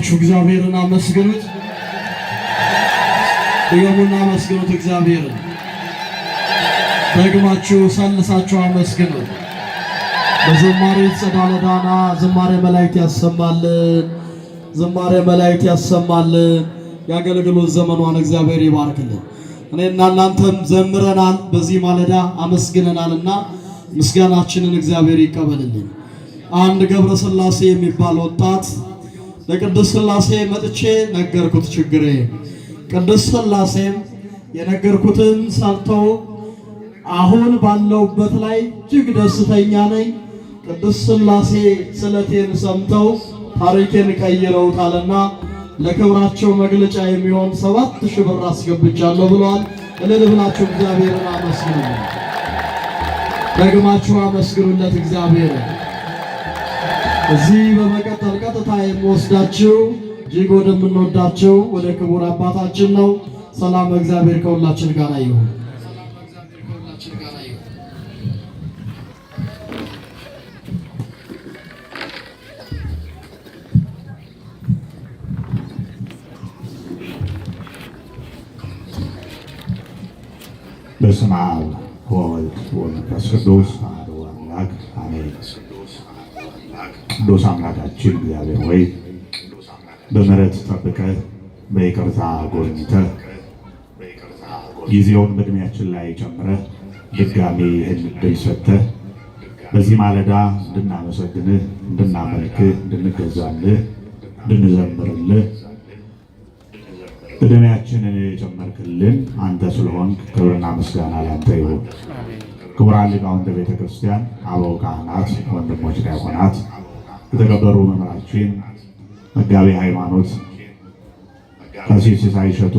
እየጮኻችሁ እግዚአብሔርን አመስግኑት። ድገሙና አመስግኑት እግዚአብሔርን። ደግማችሁ ሰልሳችሁ አመስግኑት። በዝማሬ ጸዳለ ዳና ዝማሬ መላእክት ያሰማልን። ዝማሬ መላእክት ያሰማልን። የአገልግሎት ዘመኗን እግዚአብሔር ይባርክልን። እኔና እናንተም ዘምረናል፣ በዚህ ማለዳ አመስግነናልና ምስጋናችንን እግዚአብሔር ይቀበልልን። አንድ ገብረ ስላሴ የሚባል ወጣት ለቅድስት ሥላሴ መጥቼ ነገርኩት ችግሬ። ቅድስት ሥላሴም የነገርኩትን ሰምተው አሁን ባለውበት ላይ እጅግ ደስተኛ ነኝ። ቅዱስ ሥላሴ ስለቴን ሰምተው ታሪኬን ቀይረውታልና ለክብራቸው መግለጫ የሚሆን ሰባት ሺህ ብር አስገብቻለሁ ብለዋል። እልል ብላችሁ እግዚአብሔርን አመስግኑለት፣ ደግማችሁ አመስግኑለት እግዚአብሔር እዚህ በመቀጠል ቀጥታ የምወስዳችሁ እጅግ ወደምንወዳቸው ወደ ክቡር አባታችን ነው። ሰላም እግዚአብሔር ከሁላችን ጋር ይሁን። በስመ አብ ወወልድ ወመንፈስ ቅዱስ አሐዱ አምላክ ቅዱስ አምላካችን እግዚአብሔር ወይ በምሕረት ጠብቀህ በይቅርታ ጎብኝተህ ጊዜውን በእድሜያችን ላይ ጨምረህ ድጋሜ ይህን ዕድል ሰጥተህ በዚህ ማለዳ እንድናመሰግንህ፣ እንድናመልክህ፣ እንድንገዛልህ፣ እንድንዘምርልህ እድሜያችንን የጨመርክልን አንተ ስለሆንክ ክብርና ምስጋና ላንተ ይሁን። ክቡራን ሊቃውንተ ቤተክርስቲያን፣ አበው ካህናት፣ ወንድሞች ዲያቆናት የተከበሩ መምህራችን መጋቤ ሃይማኖት ቀሲስ ሲሳይ እሸቱ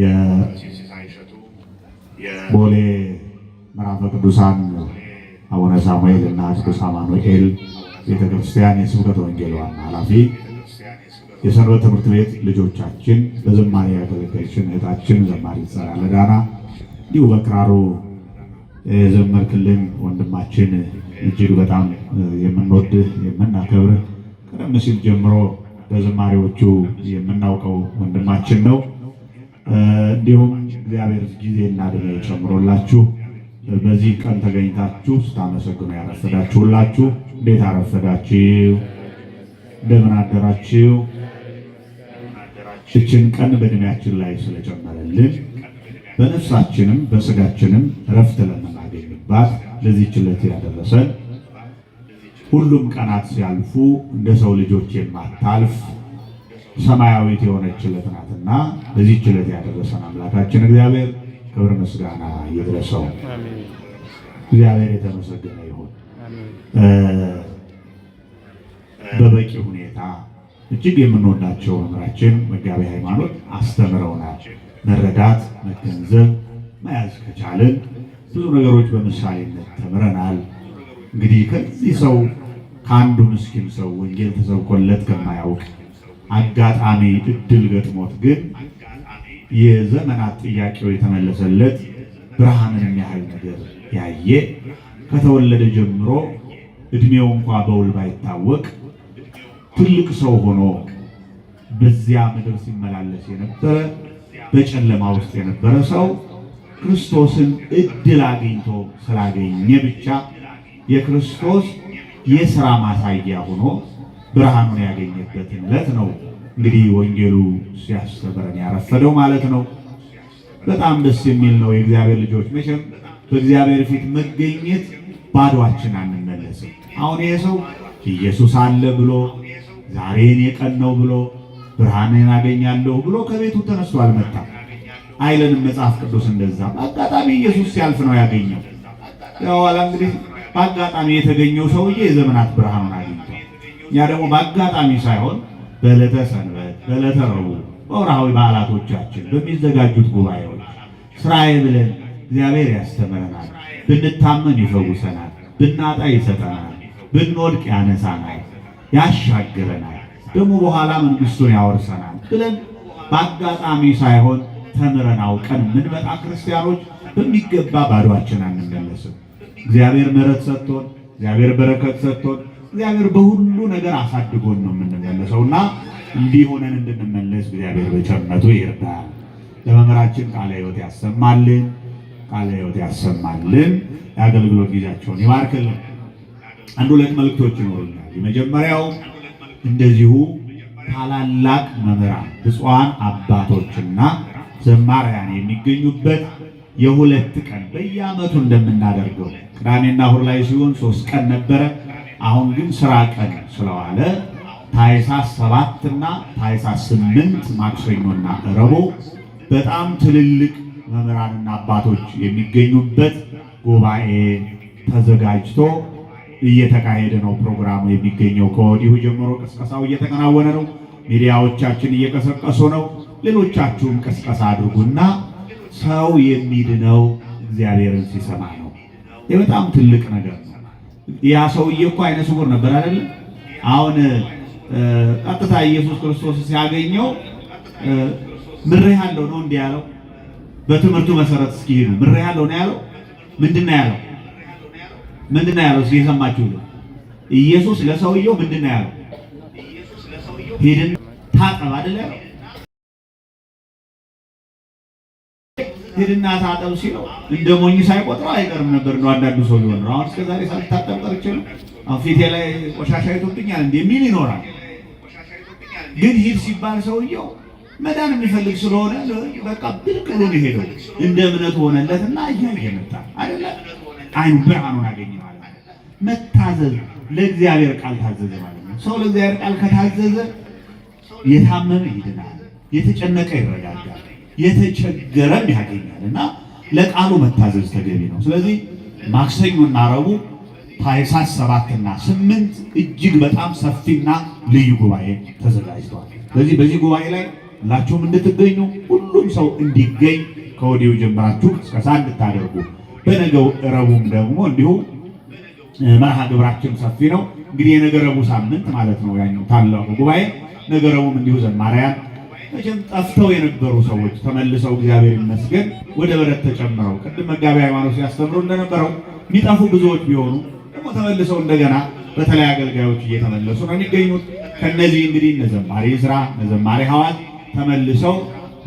የቦሌ ምዕራፈ ቅዱሳን አቡነ ሳሙኤል እና ቅዱስ አማኑኤል ቤተክርስቲያን የስብከት ወንጌል ዋና ኃላፊ የሰንበት ትምህርት ቤት ልጆቻችን በዝማሬ ያገለገለችን እህታችን ዘማሪ ጸዳለ ዳና እንዲሁ በክራሩ የዘመርክልን ወንድማችን እጅግ በጣም የምንወድህ የምናከብርህ ቀደም ሲል ጀምሮ በዝማሬዎቹ የምናውቀው ወንድማችን ነው። እንዲሁም እግዚአብሔር ጊዜና ዕድሜ ጨምሮላችሁ በዚህ ቀን ተገኝታችሁ ስታመሰግኑ ያረፈዳችሁ እንዴት አረፈዳችሁ? እንደምን አደራችሁ? ይችን ቀን በእድሜያችን ላይ ስለጨመረልን በነፍሳችንም በስጋችንም እረፍት ለምናገኝባት ለዚህ ችለት ያደረሰን ሁሉም ቀናት ሲያልፉ እንደ ሰው ልጆች የማታልፍ ሰማያዊት የሆነች ዕለት ናትና ለዚህ ችለት ያደረሰን አምላካችን እግዚአብሔር ክብር ምስጋና ይድረሰው። እግዚአብሔር የተመሰገነ ይሁን። በበቂ ሁኔታ እጅግ የምንወዳቸው መምህራችን መጋቢ ሃይማኖት አስተምረውናል። መረዳት መገንዘብ መያዝ ከቻልን ብዙ ነገሮች በምሳሌነት ተምረናል። እንግዲህ ከዚህ ሰው ከአንዱ ምስኪን ሰው ወንጌል ተሰብኮለት ከማያውቅ አጋጣሚ እድል ገጥሞት ግን የዘመናት ጥያቄው የተመለሰለት ብርሃንን ያህል ነገር ያየ ከተወለደ ጀምሮ እድሜው እንኳ በውል ባይታወቅ ትልቅ ሰው ሆኖ በዚያ ምድር ሲመላለስ የነበረ በጨለማ ውስጥ የነበረ ሰው ክርስቶስን እድል አግኝቶ ስላገኘ ብቻ የክርስቶስ የስራ ማሳያ ሆኖ ብርሃኑን ያገኘበትን ዕለት ነው። እንግዲህ ወንጌሉ ሲያስተምረን ያረፈደው ማለት ነው። በጣም ደስ የሚል ነው። የእግዚአብሔር ልጆች መቼም በእግዚአብሔር ፊት መገኘት ባዶአችን አንመለስም። አሁን ይሄ ሰው ኢየሱስ አለ ብሎ ዛሬን የቀን ነው ብሎ ብርሃንን አገኛለሁ ብሎ ከቤቱ ተነስቶ አልመጣም። አይለንም መጽሐፍ ቅዱስ እንደዛ። በአጋጣሚ ኢየሱስ ሲያልፍ ነው ያገኘው። ኋላ እንግዲህ በአጋጣሚ የተገኘው ሰውዬ የዘመናት ብርሃኑን አግኝቷል። እኛ ደግሞ በአጋጣሚ ሳይሆን በዕለተ ሰንበት፣ በዕለተ ረቡዕ፣ በወርሃዊ በዓላቶቻችን በሚዘጋጁት ጉባኤዎች ስራዬ ብለን እግዚአብሔር ያስተምረናል። ብንታመን ይፈውሰናል፣ ብናጣ ይሰጠናል፣ ብንወድቅ ያነሳናል፣ ያሻግረናል፣ ደግሞ በኋላ መንግስቱን ያወርሰናል ብለን በአጋጣሚ ሳይሆን ተምረን አውቀን የምንመጣ ክርስቲያኖች በሚገባ ባዷችን አንመለስም። እግዚአብሔር ምሕረት ሰጥቶን፣ እግዚአብሔር በረከት ሰጥቶን፣ እግዚአብሔር በሁሉ ነገር አሳድጎን ነው የምንመለሰው እና እንዲህ ሆነን እንድንመለስ እግዚአብሔር በቸርነቱ ይርዳል። ለመምህራችን ቃለ ሕይወት ያሰማልን፣ ቃለ ሕይወት ያሰማልን። የአገልግሎት ጊዜያቸውን ይባርክልን። አንድ ሁለት መልእክቶች ይኖሩናል። የመጀመሪያው እንደዚሁ ታላላቅ መምህራን ብፁዓን አባቶችና ዘማሪያን የሚገኙበት የሁለት ቀን በየዓመቱ እንደምናደርገው ቅዳሜና እሑድ ላይ ሲሆን ሶስት ቀን ነበረ። አሁን ግን ስራ ቀን ስለዋለ ሰባት ሰባትና ታኅሳስ ስምንት ማክሰኞና ረቦ በጣም ትልልቅ መምህራንና አባቶች የሚገኙበት ጉባኤ ተዘጋጅቶ እየተካሄደ ነው። ፕሮግራሙ የሚገኘው ከወዲሁ ጀምሮ ቅስቀሳው እየተከናወነ ነው። ሚዲያዎቻችን እየቀሰቀሱ ነው። ሌሎቻችሁም ቅስቀሳ አድርጉና ሰው የሚድነው እግዚአብሔርን ሲሰማ ነው። ይህ በጣም ትልቅ ነገር ነው። ያ ሰውዬ እኮ አይነ ስውር ነበር አይደለም። አሁን ቀጥታ ኢየሱስ ክርስቶስ ሲያገኘው ምሬሃለሁ ነው እንዲህ ያለው። በትምህርቱ መሰረት እስኪሄዱ ምሬሃለሁ ነው ያለው። ምንድን ነው ያለው? ምንድን ነው ያለው? እስኪ ኢየሱስ ለሰውየው ምንድን ነው ያለው? ሄድን ታጠብ አይደለም? ሂድና ታጠብ ሲለው እንደ ሞኝ ሳይቆጥረው አይቀርም ነበር ነው አንዳንዱ ሰው ሊሆን ነው። አሁን እስከዛሬ ሳልታጠብ ቀርቼ ነው ፊቴ ላይ ቆሻሻ ይቶብኛል እንደ ሚል ይኖራል። ግን ሂድ ሲባል ሰውየው መዳን የሚፈልግ ስለሆነ በቃ ብልቅሉ ሄደው እንደ እምነቱ ሆነለትና እያየ መጣ አይደለ አይኑ ብርሃኑን አገኘ ማለት መታዘዝ ለእግዚአብሔር ቃል ታዘዘ ማለት ነው። ሰው ለእግዚአብሔር ቃል ከታዘዘ የታመመ ይድናል፣ የተጨነቀ ይረጋጋል። የተቸገረም ያገኛል እና ለቃሉ መታዘዝ ተገቢ ነው። ስለዚህ ማክሰኞና ረቡዕ ታኅሳስ ሰባትና ስምንት እጅግ በጣም ሰፊና ልዩ ጉባኤ ተዘጋጅተዋል ስለዚህ በዚህ ጉባኤ ላይ ሁላችሁም እንድትገኙ ሁሉም ሰው እንዲገኝ ከወዲሁ ጀምራችሁ እስከሳ እንድታደርጉ በነገው ረቡም ደግሞ እንዲሁ መርሃ ግብራችን ሰፊ ነው። እንግዲህ የነገ ሳምንት ማለት ነው ያኛው ታላቁ ጉባኤ ነገ ረቡዕም እንዲሁ ዘማሪያን መቼም ጠፍተው የነበሩ ሰዎች ተመልሰው እግዚአብሔር ይመስገን ወደ በረት ተጨምረው ቅድም መጋቢ ሃይማኖት ሲያስተምሩ እንደነበረው የሚጠፉ ብዙዎች ቢሆኑ ደግሞ ተመልሰው እንደገና በተለይ አገልጋዮች እየተመለሱ ነው የሚገኙት። ከነዚህ እንግዲህ ነዘማሪ ስራ ነዘማሪ ሐዋት ተመልሰው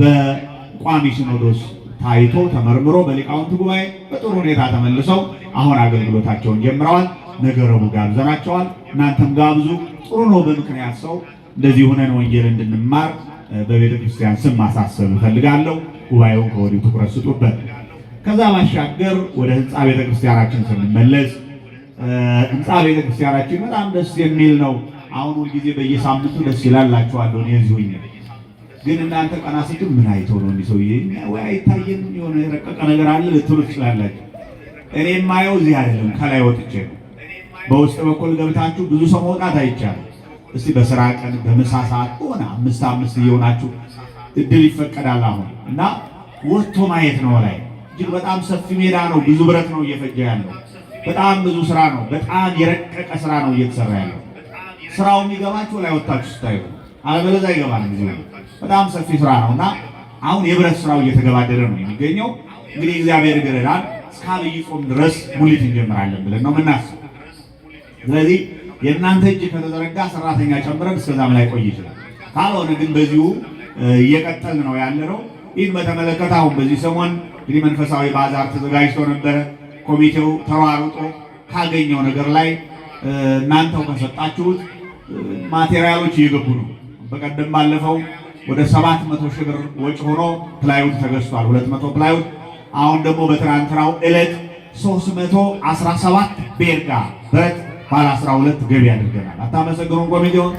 በቋሚ ሲኖዶስ ታይቶ ተመርምሮ በሊቃውንት ጉባኤ በጥሩ ሁኔታ ተመልሰው አሁን አገልግሎታቸውን ጀምረዋል። ነገረቡ ጋብዘናቸዋል። እናንተም ጋብዙ። ጥሩ ነው። በምክንያት ሰው እንደዚህ ሆነን ወንጌል እንድንማር በቤተ ክርስቲያን ስም ማሳሰብ እፈልጋለሁ። ጉባኤውን ከወዲሁ ትኩረት ስጡበት። ከዛ ባሻገር ወደ ህንፃ ቤተ ክርስቲያናችን ስንመለስ ህንፃ ቤተ ክርስቲያናችን በጣም ደስ የሚል ነው። አሁን ሁልጊዜ በየሳምንቱ ደስ ይላላችኋለሁ። እኔ እዚሁ ግን እናንተ ቀና ስትሉ ምን አይተው ነው እንዲህ ሰውዬ ወይ አይታየም የሆነ የረቀቀ ነገር አለ ልትሉ ትችላላችሁ። እኔ የማየው እዚህ አይደለም፣ ከላይ ወጥቼ ነው። በውስጥ በኩል ገብታችሁ ብዙ ሰው መውጣት አይቻልም። እስቲ በስራ ቀን በምሳ ሰዓት ሆነ አምስት አምስት እየሆናችሁ እድል ይፈቀዳል አሁን እና ወጥቶ ማየት ነው። ላይ እጅግ በጣም ሰፊ ሜዳ ነው። ብዙ ብረት ነው እየፈጀ ያለው። በጣም ብዙ ስራ ነው። በጣም የረቀቀ ስራ ነው እየተሰራ ያለው። ስራው የሚገባችሁ ላይ ወጣችሁ ስታዩ፣ አለበለዚያ ይገባል። በጣም ሰፊ ስራ ነው እና አሁን የብረት ስራው እየተገባደደ ነው የሚገኘው። እንግዲህ እግዚአብሔር ይረዳል። እስከ አብይ ጾም ድረስ ሙሊት እንጀምራለን ብለን ነው ምናስብ። ስለዚህ የእናንተ እጅ ከተዘረጋ ሰራተኛ ጨምረን እስከዛም ላይ ቆይ ይችላል። ካልሆነ ግን በዚሁ እየቀጠል ነው ያለ ነው። ይህን በተመለከተ አሁን በዚህ ሰሞን እንግዲህ መንፈሳዊ ባዛር ተዘጋጅቶ ነበረ። ኮሚቴው ተሯሩጦ ካገኘው ነገር ላይ እናንተው ከሰጣችሁት ማቴሪያሎች እየገቡ ነው። በቀደም ባለፈው ወደ ሰባት መቶ ሺህ ብር ወጪ ሆኖ ፕላይውድ ተገዝቷል፣ ሁለት መቶ ፕላይውድ። አሁን ደግሞ በትናንትናው ዕለት ሶስት መቶ አስራ ሰባት ቤርጋ ብረት ባለ 12 ገቢ አድርገናል። አታመሰግኑም ኮሚቴውን?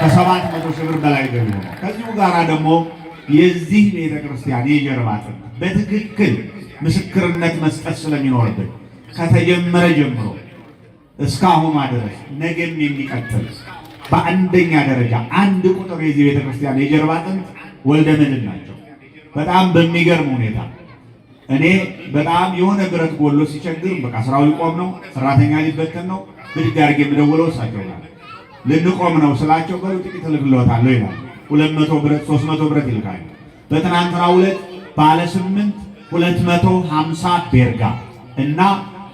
ከሰባት መቶ ሺህ ብር በላይ ገቢ ሆነ። ከዚሁ ጋር ደግሞ የዚህ ቤተ ክርስቲያን የጀርባ አጥንት በትክክል ምስክርነት መስጠት ስለሚኖርብን ከተጀመረ ጀምሮ እስካሁን ድረስ ነገም የሚቀጥል በአንደኛ ደረጃ አንድ ቁጥር የዚህ ቤተክርስቲያን የጀርባ አጥንት ወልደ ምድር ናቸው። በጣም በሚገርም ሁኔታ እኔ በጣም የሆነ ብረት ጎሎ ሲቸግር በቃ ስራው ይቆም ነው፣ ሰራተኛ ሊበተን ነው፣ ብድግ አድርጌ የምደውለው እሳቸው ጋር ልንቆም ነው ስላቸው በሉ ጥቂት እልክልዎታለሁ ይላል። ሁለት መቶ ብረት ሶስት መቶ ብረት ይልካል። በትናንትናው ዕለት ባለ ስምንት ሁለት መቶ ሀምሳ ቤርጋ እና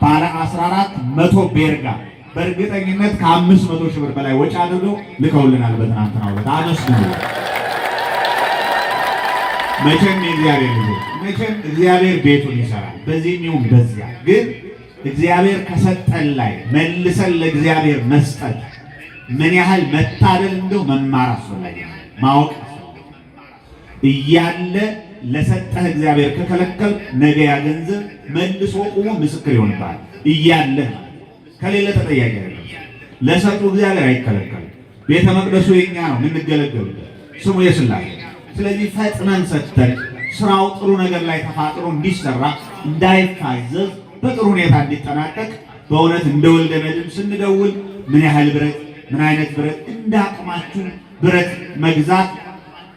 ባለ አስራ አራት መቶ ቤርጋ በእርግጠኝነት ከአምስት መቶ ሺህ ብር በላይ ወጪ አድርገው ልከውልናል። በትናንትናው ዕለት አመስግኑ። መቼም የእግዚአብሔር ልጅ መቼም እግዚአብሔር ቤቱን ይሰራል። በዚህም ይሁን በዚያ ግን እግዚአብሔር ከሰጠን ላይ መልሰን ለእግዚአብሔር መስጠት ምን ያህል መታደል እንደው መማር አስፈላጊ ማወቅ እያለ ለሰጠህ እግዚአብሔር ከከለከል ነገ ያ ገንዘብ መልሶ ቁሞ ምስክር ይሆንብሃል። እያለ ከሌለ ተጠያቂ አይደለም። ለሰጡ እግዚአብሔር አይከለከልም። ቤተ መቅደሱ የኛ ነው የምንገለገልበት ስሙ የሥላሴ ስለዚህ ፈጥነን ሰጥተን ስራው ጥሩ ነገር ላይ ተፋጥሮ እንዲሰራ እንዳይታዘዝ በጥሩ ሁኔታ እንዲጠናቀቅ በእውነት እንደ ወልደ መድን ስንደውል ምን ያህል ብረት ምን አይነት ብረት እንዳቅማችሁ ብረት መግዛት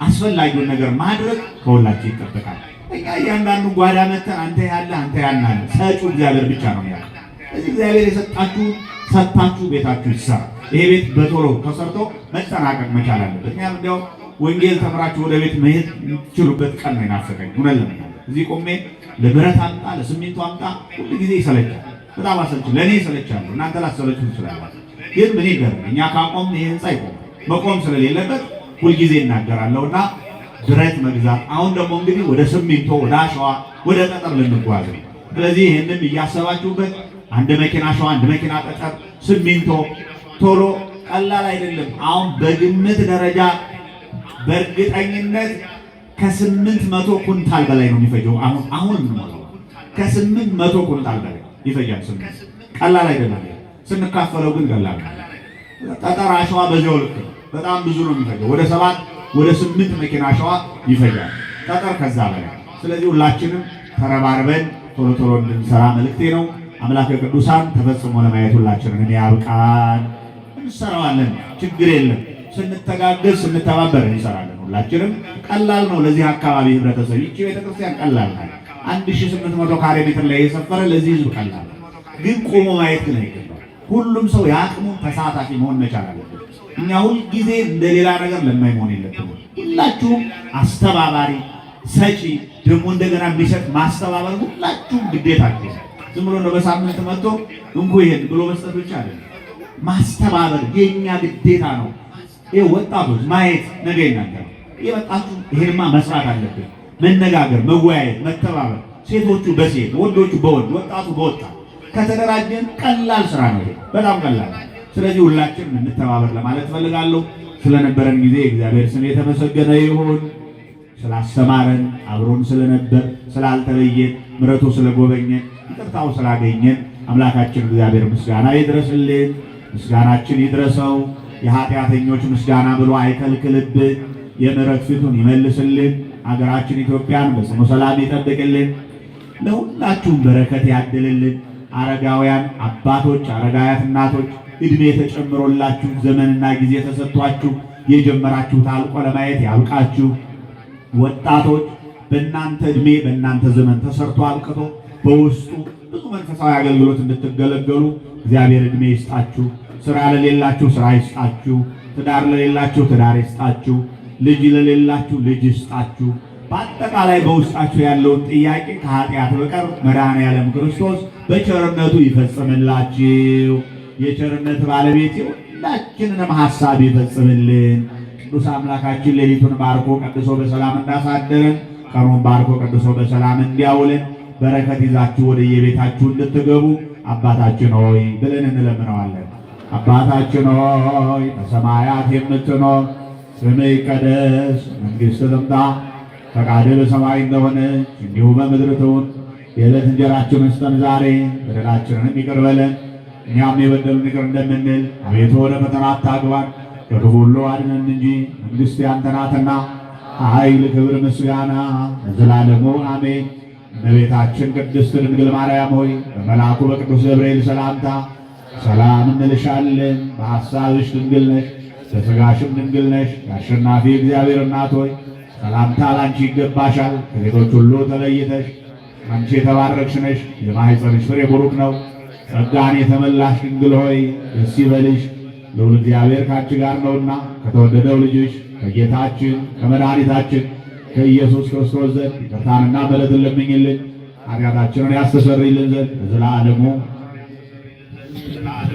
አስፈላጊውን ነገር ማድረግ ከሁላችሁ ይጠበቃል። እኛ እያንዳንዱ ጓዳ መተን አንተ ያለ አንተ ያናለ ሰጪው እግዚአብሔር ብቻ ነው ያለ። እዚህ እግዚአብሔር የሰጣችሁ ሰጥታችሁ ቤታችሁ ይሰራ። ይሄ ቤት በቶሎ ተሰርቶ መጠናቀቅ መቻል አለበት። እኛም እንዲያው ወንጌል ተምራችሁ ወደ ቤት መሄድ የምትችሉበት ቀን ነው የናፈቀኝ። እውነት ለመናገር እዚህ ቆሜ ለብረት አምጣ ለስሚንቶ አምጣ ሁሉ ጊዜ ይሰለቻል። በጣም አሰልች ለእኔ ይሰለቻሉ። እናንተ ላሰለችሁ ትችላላችሁ። ግን ምን ይገር እኛ ካቆም ይህ ህንፃ ይቆም መቆም ስለሌለበት ሁልጊዜ እናገራለሁ እና ብረት መግዛት አሁን ደግሞ እንግዲህ ወደ ስሚንቶ ወደ አሸዋ ወደ ጠጠር ልንጓዝ ነው። ስለዚህ ይህንም እያሰባችሁበት አንድ መኪና አሸዋ፣ አንድ መኪና ጠጠር፣ ስሚንቶ ቶሎ ቀላል አይደለም። አሁን በግምት ደረጃ በእርግጠኝነት ከስምንት መቶ ኩንታል በላይ ነው የሚፈጀው። አሁን አሁን የምንሞላው ከስምንት መቶ ኩንታል በላይ ይፈጃል። ስምንት ቀላል አይደለም። ስንካፈለው ግን ቀላል ጠጠር አሸዋ በዚያው ልክ ነው። በጣም ብዙ ነው የሚፈጀው። ወደ ሰባት ወደ ስምንት መኪና አሸዋ ይፈጃል ጠጠር ከዛ በላይ። ስለዚህ ሁላችንም ተረባርበን ቶሎ ቶሎ እንድንሰራ መልእክቴ ነው። አምላክ ቅዱሳን ተፈጽሞ ለማየት ሁላችንን ያብቃን። እንሰራዋለን፣ ችግር የለም። ስንተጋገዝ ስንተባበር እንሰራለን። ሁላችንም ቀላል ነው። ለዚህ አካባቢ ህብረተሰብ ይቺ ቤተክርስቲያን ቀላል ናት። አንድ ሺህ ስምንት መቶ ካሬ ሜትር ላይ የሰፈረ ለዚህ ህዝብ ቀላል ነው። ግን ቆሞ ማየት ግን አይገባም። ሁሉም ሰው የአቅሙ ተሳታፊ መሆን መቻል አለበት። እኛ ሁልጊዜ እንደሌላ ነገር ለማይ መሆን ሁላችሁም አስተባባሪ፣ ሰጪ ደግሞ እንደገና የሚሰጥ ማስተባበር ሁላችሁም ግዴታ አለ። ዝም ብሎ ነው በሳምንት መጥቶ እንኩ ይሄን ብሎ መስጠት ብቻ አይደለም፣ ማስተባበር የእኛ ግዴታ ነው። ይህ ወጣቶች ማየት ነገ ይናገራል። የመጣችሁ ይሄንማ መስራት አለብን። መነጋገር፣ መወያየት፣ መተባበር ሴቶቹ በሴት ወንዶቹ በወንድ ወጣቱ በወጣት ከተደራጀን ቀላል ስራ ነው፣ በጣም ቀላል። ስለዚህ ሁላችንም እንተባበር ለማለት እፈልጋለሁ። ስለነበረን ጊዜ እግዚአብሔር ስም የተመሰገነ ይሁን። ስላስተማረን፣ አብሮን ስለነበር፣ ስላልተለየን፣ ምረቱ ስለጎበኘን፣ ይቅርታው ስላገኘን አምላካችን እግዚአብሔር ምስጋና ይድረስልን፣ ምስጋናችን ይድረሰው። የኃጢአተኞች ምስጋና ብሎ አይከልክልብ። የምሕረት ፊቱን ይመልስልን። አገራችን ኢትዮጵያን በጽኑ ሰላም ይጠብቅልን። ለሁላችሁም በረከት ያድልልን። አረጋውያን አባቶች፣ አረጋውያት እናቶች እድሜ የተጨምሮላችሁ ዘመንና ጊዜ ተሰጥቷችሁ የጀመራችሁ ታልቆ ለማየት ያብቃችሁ። ወጣቶች በእናንተ እድሜ በእናንተ ዘመን ተሰርቶ አብቅቶ በውስጡ ብዙ መንፈሳዊ አገልግሎት እንድትገለገሉ እግዚአብሔር እድሜ ይስጣችሁ። ስራ ለሌላችሁ ስራ ይስጣችሁ። ትዳር ለሌላችሁ ትዳር ይስጣችሁ። ልጅ ለሌላችሁ ልጅ ይስጣችሁ። በአጠቃላይ በውስጣችሁ ያለውን ጥያቄ ከኃጢአት በቀር መድኃኔዓለም ክርስቶስ በቸርነቱ ይፈጽምላችሁ። የቸርነት ባለቤት ሁላችንንም ሐሳብ ይፈጽምልን። ቅዱስ አምላካችን ሌሊቱን ባርኮ ቀድሶ በሰላም እንዳሳደረን ቀኑን ባርኮ ቀድሶ በሰላም እንዲያውለን በረከት ይዛችሁ ወደ የቤታችሁ እንድትገቡ አባታችን ሆይ ብለን እንለምነዋለን። አባታችን ሆይ በሰማያት የምትኖር ስምህ ይቀደስ፣ መንግሥት ትምጣ፣ ፈቃድህ በሰማይ እንደሆነች እንዲሁ በምድር ትሁን። የዕለት እንጀራችንን ስጠን ዛሬ፣ በደላችንንም ይቅር በለን እኛም የበደሉንን ይቅር እንደምንል፣ አቤቱ ወደ ፈተና አታግባን፣ ከክፉ ሁሉ አድነን እንጂ መንግሥት ያንተ ናትና ኃይል፣ ክብር፣ ምስጋና ለዘላለሙ አሜን። እመቤታችን ቅድስት ድንግል ማርያም ሆይ በመልአኩ በቅዱስ ገብርኤል ሰላምታ ሰላም እንልሻለን። በሐሳብሽ ድንግል ነሽ፣ በሥጋሽም ድንግል ነሽ። የአሸናፊ እግዚአብሔር እናት ሆይ ሰላምታ ላንቺ ይገባሻል። ከሴቶች ሁሉ ተለይተሽ አንቺ የተባረክሽ ነሽ፣ የማኅፀንሽ ፍሬ ቡሩክ ነው። ጸጋን የተመላሽ ድንግል ሆይ ደስ ይበልሽ፣ ልዑል እግዚአብሔር ከአንቺ ጋር ነውና ከተወደደው ልጅሽ ከጌታችን ከመድኃኒታችን ከኢየሱስ ክርስቶስ ዘንድ ይቅርታንና ምሕረትን ለምኝልን ኃጢአታችንን ያስተሰርይልን ዘንድ ለዘላለሙ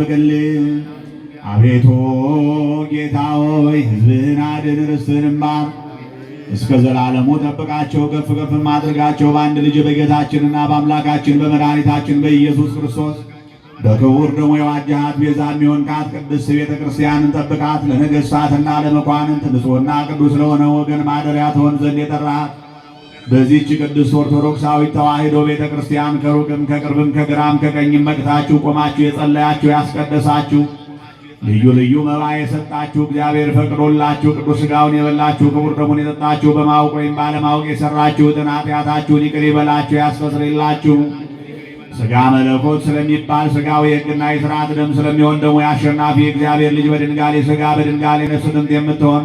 ጠብቅልን። አቤቱ ጌታ ሆይ ሕዝብህን አድን፣ ርስትህንማ እስከ ዘላለሙ ጠብቃቸው፣ ከፍ ከፍ ማድረጋቸው በአንድ ልጅ በጌታችንና በአምላካችን በመድኃኒታችን በኢየሱስ ክርስቶስ በክቡር ደግሞ የዋጃሃት ቤዛ የሚሆንካት ቅድስት ቤተ ክርስቲያንን ጠብቃት። ለነገሥታትና ለመኳንንት ንጹሕና ቅዱስ ለሆነ ወገን ማደሪያ ትሆን ዘንድ የጠራሃት በዚህች ቅድስት ኦርቶዶክሳዊት ተዋሕዶ ቤተ ክርስቲያን ከሩቅም ከቅርብም ከግራም ከቀኝም መቅታችሁ ቆማችሁ የጸለያችሁ ያስቀደሳችሁ ልዩ ልዩ መባ የሰጣችሁ እግዚአብሔር ፈቅዶላችሁ ቅዱስ ሥጋውን የበላችሁ ክቡር ደሙን የጠጣችሁ በማወቅ ወይም ባለማወቅ የሰራችሁ ኃጢአታችሁን ይቅር ይበላችሁ ያስፈስልላችሁ። ሥጋ መለኮት ስለሚባል ሥጋው የሕግና የሥርዓት ደም ስለሚሆን ደግሞ የአሸናፊ እግዚአብሔር ልጅ በድንጋሌ ሥጋ በድንጋሌ ነፍስ ጥንት የምትሆን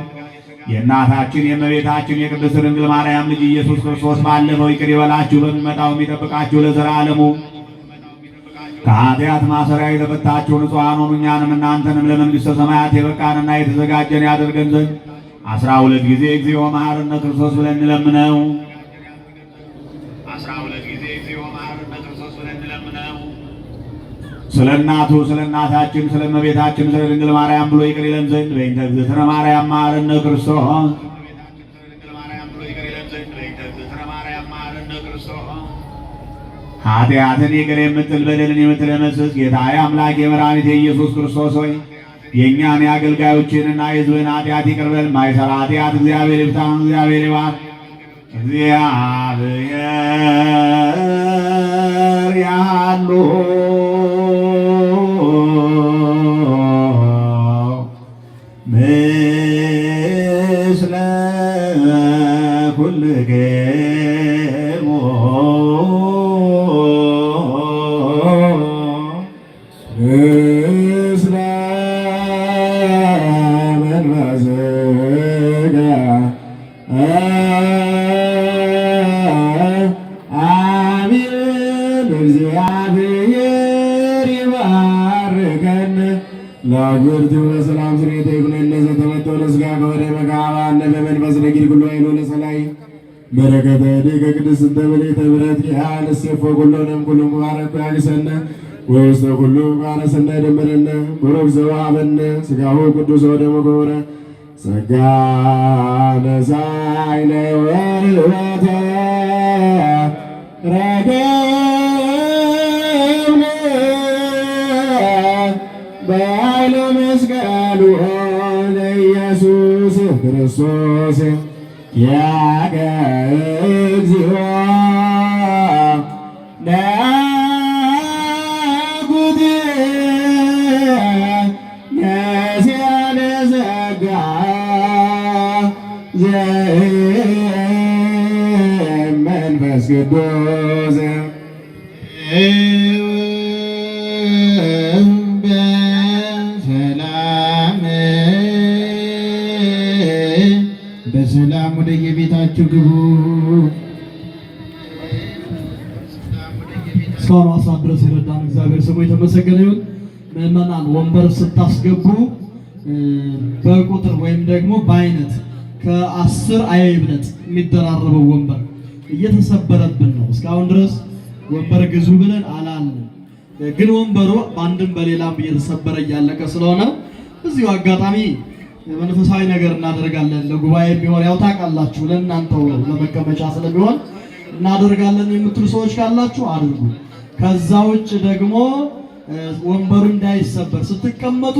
የእናታችን የእመቤታችን የቅድስት ድንግል ማርያም ልጅ ኢየሱስ ክርስቶስ ባለፈው ይቅር ይበላችሁ በሚመጣው የሚጠብቃችሁ ለዘላለሙ። ከኃጢአት ማሰሪያ የተፈታችሁ ንጹሐን ሁኑ፣ እኛንም እናንተንም ለመንግሥተ ሰማያት የበቃንና የተዘጋጀን ያደርገን ዘንድ አስራ ሁለት ጊዜ እግዚኦ መሐረነ ክርስቶስ ብለን እንለምነው። ስለ እናቱ ስለ እናታችን ስለ እመቤታችን ስለ ድንግል ማርያም ብሎ ይቅር ይለን ዘንድ በእንተ እግዝእትነ ማርያም መሐረነ ክርስቶስ ኃጢአትን ይቅር የምትል በደልን የምትል መስስ ጌታዬ አምላክ የመድኃኒት የኢየሱስ ክርስቶስ ሆይ የእኛን የአገልጋዮችንና የሕዝብን ኃጢአት ይቅር በል። ማይሰራ ኃጢአት እግዚአብሔር ይፍታ። እግዚአብሔር ይባር። እግዚአብሔር ያሉ Amen. ኩሎነ እምኩሉ ሙባረክ ያግሰነ ወውስተ ኩሉ ሰናይ ዘወሀበነ ቅዱስ ወደሙ ክቡረ ጸጋ መስቀሉ ለኢየሱስ ክርስቶስ ያገ እግዚኦ ግን ወንበሩ በአንድም በሌላም እየተሰበረ እያለቀ ስለሆነ እዚሁ አጋጣሚ መንፈሳዊ ነገር እናደርጋለን። ለጉባኤ የሚሆን ያው ታውቃላችሁ፣ ለእናንተው ለመቀመጫ ስለሚሆን እናደርጋለን የምትሉ ሰዎች ካላችሁ አድርጉ። ከዛ ውጭ ደግሞ ወንበሩ እንዳይሰበር ስትቀመጡ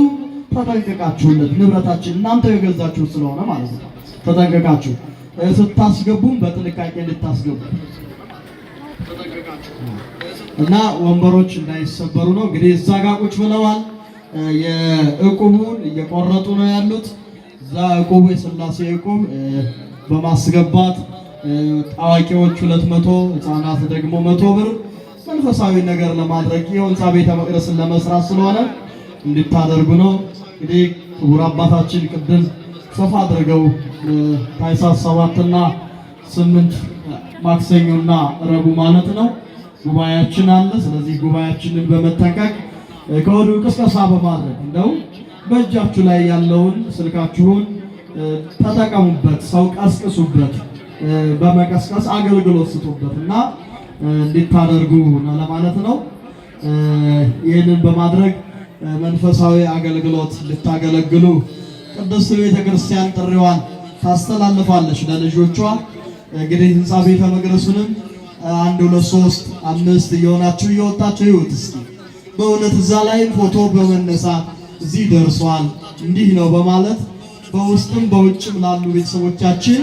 ተጠንቀቃችሁለት። ንብረታችን እናንተ የገዛችሁት ስለሆነ ማለት ነው። ተጠንቀቃችሁ ስታስገቡም በጥንቃቄ እንድታስገቡ ተጠንቀቃችሁ እና ወንበሮች እንዳይሰበሩ ነው። እንግዲህ እዛ ጋር ቁጭ ብለዋል። የእቁቡን እየቆረጡ ነው ያሉት። እዛ እቁቡ የስላሴ እቁብ በማስገባት ታዋቂዎች ሁለት መቶ ህፃናት ደግሞ መቶ ብር መንፈሳዊ ነገር ለማድረግ የወንጻ ቤተ መቅደስን ለመስራት ስለሆነ እንድታደርጉ ነው። እንግዲህ ክቡር አባታችን ቅድም ሰፋ አድርገው ታኅሳስ ሰባትና ስምንት ማክሰኞና ረቡዕ ማለት ነው ጉባኤያችን አለ። ስለዚህ ጉባኤያችንን በመጠንቀቅ ከወዲሁ ቅስቀሳ በማድረግ እንደው በእጃችሁ ላይ ያለውን ስልካችሁን ተጠቀሙበት፣ ሰው ቀስቅሱበት፣ በመቀስቀስ አገልግሎት ስጡበት እና እንዲታደርጉ ነው ለማለት ነው። ይህንን በማድረግ መንፈሳዊ አገልግሎት ልታገለግሉ ቅድስት ቤተ ክርስቲያን ጥሪዋን ታስተላልፋለች ለልጆቿ። እንግዲህ ህንፃ ቤተ መቅደሱንም አንድ ሁለት ሶስት አምስት እየሆናችሁ እየወጣችሁ ይሁት እስኪ በእውነት እዛ ላይ ፎቶ በመነሳት እዚህ ደርሷል እንዲህ ነው በማለት በውስጥም በውጭም ላሉ ቤተሰቦቻችን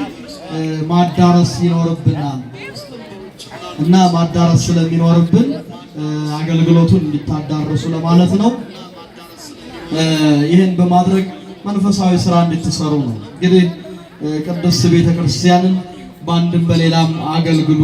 ማዳረስ ይኖርብናል እና ማዳረስ ስለሚኖርብን አገልግሎቱን እንዲታዳርሱ ለማለት ነው። ይህን በማድረግ መንፈሳዊ ስራ እንድትሰሩ ነው። እንግዲህ ቅድስት ቤተክርስቲያንን በአንድም በሌላም አገልግሉ።